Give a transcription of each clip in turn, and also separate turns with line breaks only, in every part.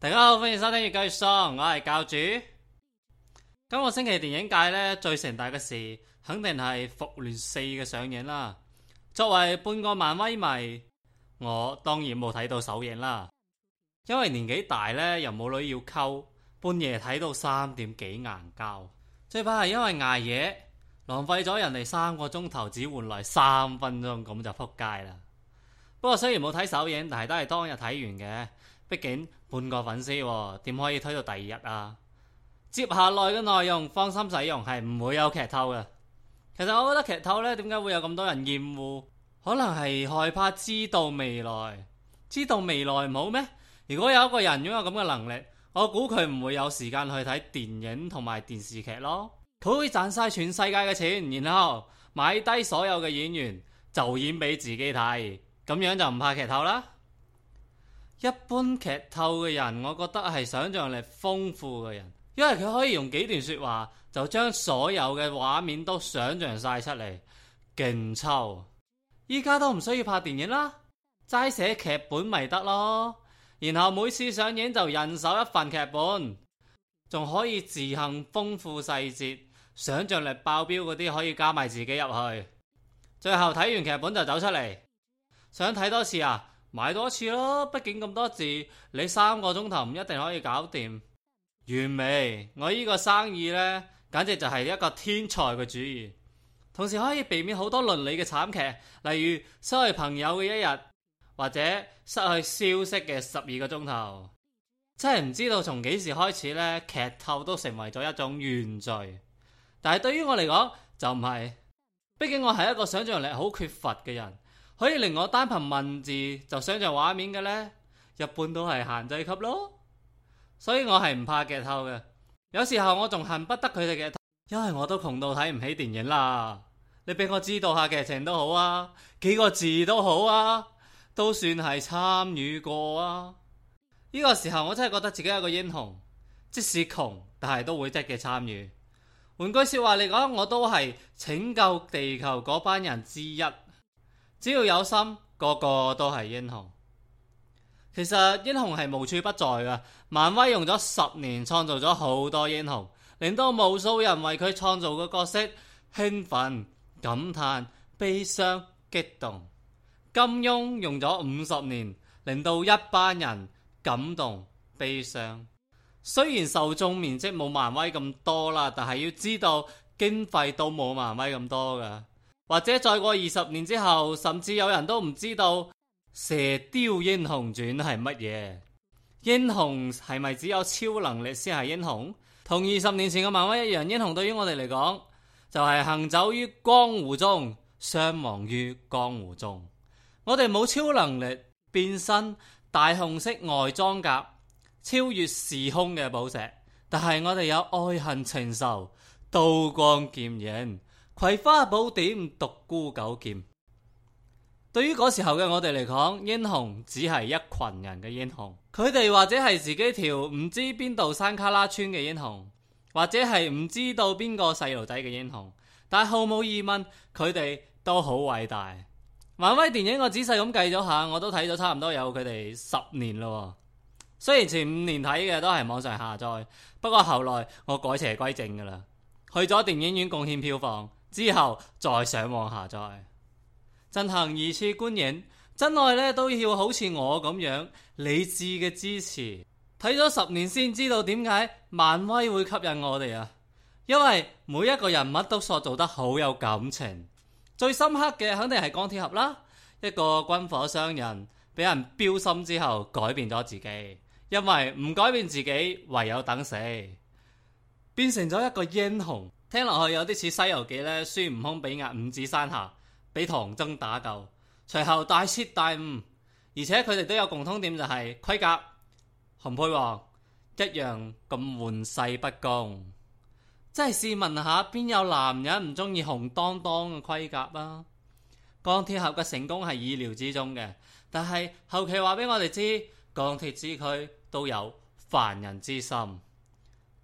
大家好，歡迎收聽越久越爽，我係教主。今個星期電影界呢，最盛大嘅事，肯定係《復聯四》嘅上映啦。作為半個漫威迷，我當然冇睇到首映啦，因為年紀大呢，又冇女要溝，半夜睇到三點幾硬膠，最怕係因為捱夜，浪費咗人哋三個鐘頭，只換來三分鐘，咁就撲街啦。不過雖然冇睇首映，但係都係當日睇完嘅。畢竟半個粉絲，點可以推到第二日啊？接下來嘅內容放心使用，係唔會有劇透嘅。其實我覺得劇透呢，點解會有咁多人厭惡？可能係害怕知道未來。知道未來唔好咩？如果有一個人擁有咁嘅能力，我估佢唔會有時間去睇電影同埋電視劇咯。佢會賺晒全世界嘅錢，然後買低所有嘅演員就演俾自己睇，咁樣就唔怕劇透啦。一般劇透嘅人，我覺得係想象力豐富嘅人，因為佢可以用幾段說話就將所有嘅畫面都想象晒出嚟，勁抽。依家都唔需要拍電影啦，齋寫劇本咪得咯。然後每次上映就人手一份劇本，仲可以自行豐富細節，想象力爆表嗰啲可以加埋自己入去。最後睇完劇本就走出嚟，想睇多次啊！買多次咯，畢竟咁多字，你三個鐘頭唔一定可以搞掂。完美，我呢個生意呢，簡直就係一個天才嘅主意，同時可以避免好多倫理嘅慘劇，例如失去朋友嘅一日，或者失去消息嘅十二個鐘頭。真係唔知道從幾時開始呢，劇透都成為咗一種原罪。但係對於我嚟講就唔係，畢竟我係一個想象力好缺乏嘅人。可以令我單憑文字就想象畫面嘅呢，日本都係限制級咯。所以我係唔怕劇透嘅，有時候我仲恨不得佢哋嘅，因為我都窮到睇唔起電影啦。你俾我知道下劇情都好啊，幾個字都好啊，都算係參與過啊。呢、這個時候我真係覺得自己係個英雄，即使窮但係都會積極參與。換句話說話嚟講，我都係拯救地球嗰班人之一。只要有心，個個都係英雄。其實英雄係無處不在噶。漫威用咗十年創造咗好多英雄，令到無數人為佢創造嘅角色興奮、感嘆、悲傷、激動。金庸用咗五十年，令到一班人感動、悲傷。雖然受眾面積冇漫威咁多啦，但係要知道經費都冇漫威咁多噶。或者再過二十年之後，甚至有人都唔知道《射雕英雄傳》係乜嘢？英雄係咪只有超能力先係英雄？同二十年前嘅漫畫一樣，英雄對於我哋嚟講就係行走於江湖中，傷亡於江湖中。我哋冇超能力變身大紅色外裝甲，超越時空嘅寶石，但係我哋有愛恨情仇，刀光劍影。葵花寶典、獨孤九劍，對於嗰時候嘅我哋嚟講，英雄只係一群人嘅英雄。佢哋或者係自己條唔知邊度山卡拉村嘅英雄，或者係唔知道邊個細路仔嘅英雄，但係毫無疑問，佢哋都好偉大。漫威電影我仔細咁計咗下，我都睇咗差唔多有佢哋十年咯。雖然前五年睇嘅都係網上下載，不過後來我改邪歸正噶啦，去咗電影院貢獻票房。之後再上網下載進行二次觀影，真愛呢都要好似我咁樣理智嘅支持。睇咗十年先知道點解漫威會吸引我哋啊！因為每一個人物都塑造得好有感情，最深刻嘅肯定係鋼鐵俠啦。一個軍火商人俾人標心之後改變咗自己，因為唔改變自己唯有等死，變成咗一個英雄。聽落去有啲似《西遊記》咧，孫悟空俾壓五指山下，俾唐僧打救，隨後大徹大悟，而且佢哋都有共通點就係盔甲紅配黃，一樣咁玩世不恭，真係試問下，邊有男人唔中意紅當當嘅盔甲啊？鋼鐵俠嘅成功係意料之中嘅，但係後期話俾我哋知，鋼鐵之軀都有凡人之心。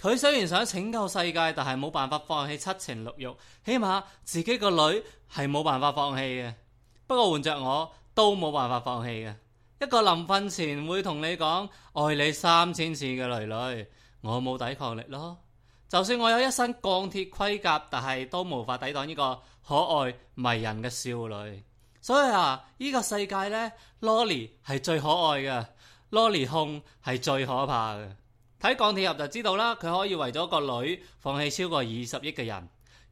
佢雖然想拯救世界，但係冇辦法放棄七情六欲。起碼自己個女係冇辦法放棄嘅。不過換着我都冇辦法放棄嘅。一個臨瞓前會同你講愛你三千次嘅囡囡，我冇抵抗力咯。就算我有一身鋼鐵盔甲，但係都無法抵擋呢個可愛迷人嘅少女。所以啊，呢個世界呢，Loli 係最可愛嘅，Loli 控係最可怕嘅。喺鋼鐵俠就知道啦，佢可以為咗個女放棄超過二十億嘅人，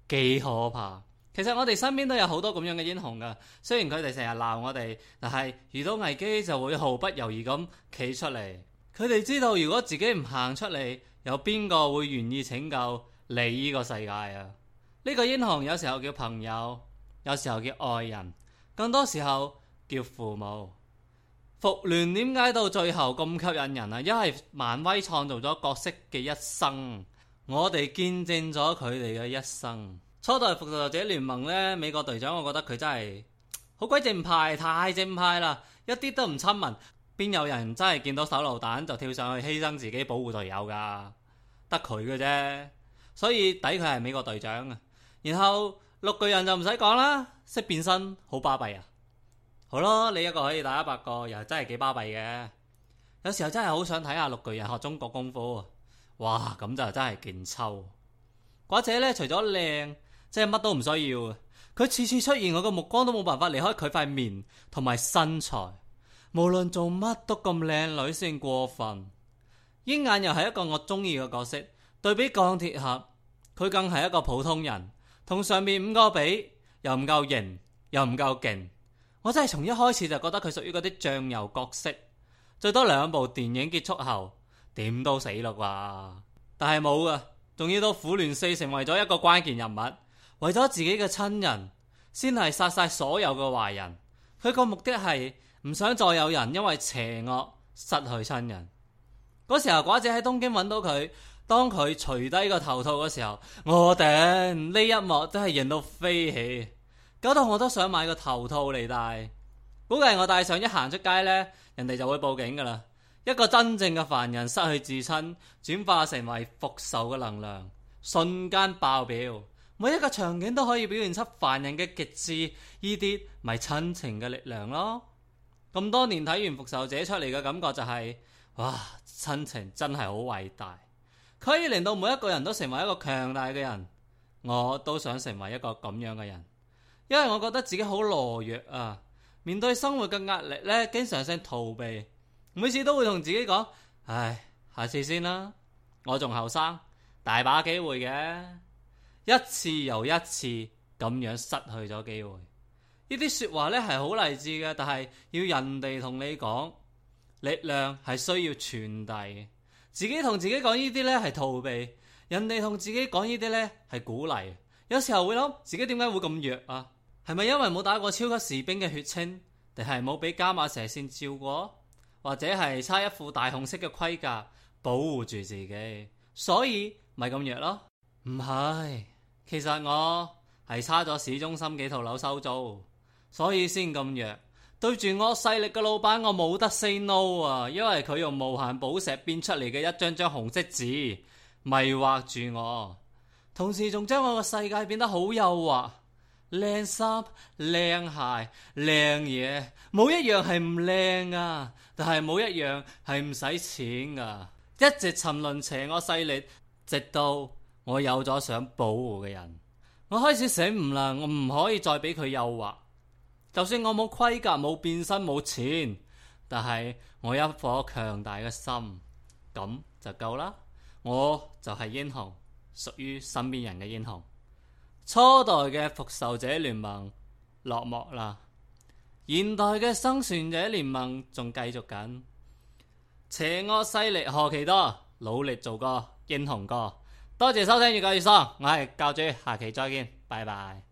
幾可怕！其實我哋身邊都有好多咁樣嘅英雄㗎，雖然佢哋成日鬧我哋，但係遇到危機就會毫不猶豫咁企出嚟。佢哋知道如果自己唔行出嚟，有邊個會願意拯救你呢個世界啊？呢個英雄有時候叫朋友，有時候叫愛人，更多時候叫父母。復聯點解到最後咁吸引人啊？因為漫威創造咗角色嘅一生，我哋見證咗佢哋嘅一生。初代復仇者聯盟呢，美國隊長，我覺得佢真係好鬼正派，太正派啦，一啲都唔親民。邊有人真係見到手榴彈就跳上去犧牲自己保護隊友噶？得佢嘅啫，所以抵佢係美國隊長啊。然後綠巨人就唔使講啦，識變身，好巴閉啊！好咯，你一個可以打一百個，又真係幾巴閉嘅。有時候真係好想睇下綠巨人學中國功夫，哇，咁就真係勁抽。或者咧，除咗靚，真係乜都唔需要。佢次次出現，我個目光都冇辦法離開佢塊面同埋身材，無論做乜都咁靚女先過分。鷹眼又係一個我中意嘅角色，對比鋼鐵俠，佢更係一個普通人，同上面五個比又唔夠型，又唔夠勁。我真係從一開始就覺得佢屬於嗰啲醬油角色，最多兩部電影結束後點都死啦啩。但係冇啊，仲要到復聯四成為咗一個關鍵人物，為咗自己嘅親人，先係殺晒所有嘅壞人。佢個目的係唔想再有人因為邪惡失去親人。嗰時候寡姐喺東京揾到佢，當佢除低個頭套嘅時候，我頂呢一幕真係贏到飛起。搞到我都想買個頭套嚟戴，估計我戴上一行出街呢，人哋就會報警噶啦。一個真正嘅凡人失去至親，轉化成為復仇嘅能量，瞬間爆表。每一個場景都可以表現出凡人嘅極致，呢啲咪親情嘅力量咯。咁多年睇完《復仇者》出嚟嘅感覺就係哇，親情真係好偉大，可以令到每一個人都成為一個強大嘅人。我都想成為一個咁樣嘅人。因為我覺得自己好懦弱啊，面對生活嘅壓力咧，經常性逃避，每次都會同自己講：唉，下次先啦，我仲後生，大把機會嘅，一次又一次咁樣失去咗機會。呢啲說話咧係好勵志嘅，但係要人哋同你講，力量係需要傳遞，自己同自己講呢啲咧係逃避，人哋同自己講呢啲咧係鼓勵。有時候會諗自己點解會咁弱啊？係咪因為冇打過超級士兵嘅血清，定係冇俾伽馬射線照過，或者係差一副大紅色嘅盔甲保護住自己，所以咪咁弱咯？唔係，其實我係差咗市中心幾套樓收租，所以先咁弱。對住我勢力嘅老闆，我冇得 say no 啊！因為佢用無限寶石變出嚟嘅一張張紅色紙迷惑住我，同時仲將我個世界變得好幼滑。靚衫、靚鞋、靚嘢，冇一樣係唔靚啊！但係冇一樣係唔使錢噶。一直沉淪邪惡勢力，直到我有咗想保護嘅人，我開始醒悟啦。我唔可以再俾佢誘惑。就算我冇盔甲、冇變身、冇錢，但係我有一顆強大嘅心，咁就夠啦。我就係英雄，屬於身邊人嘅英雄。初代嘅復仇者聯盟落幕啦，現代嘅生存者聯盟仲繼續緊。邪惡勢力何其多，努力做個英雄哥。多謝收聽越教越爽，我係教主，下期再見，拜拜。